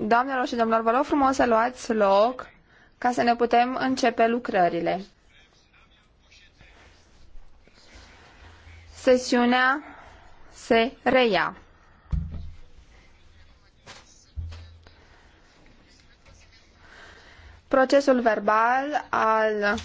Doamnelor și domnilor, vă rog frumos să luați loc ca să ne putem începe lucrările. Sesiunea se reia. Procesul verbal al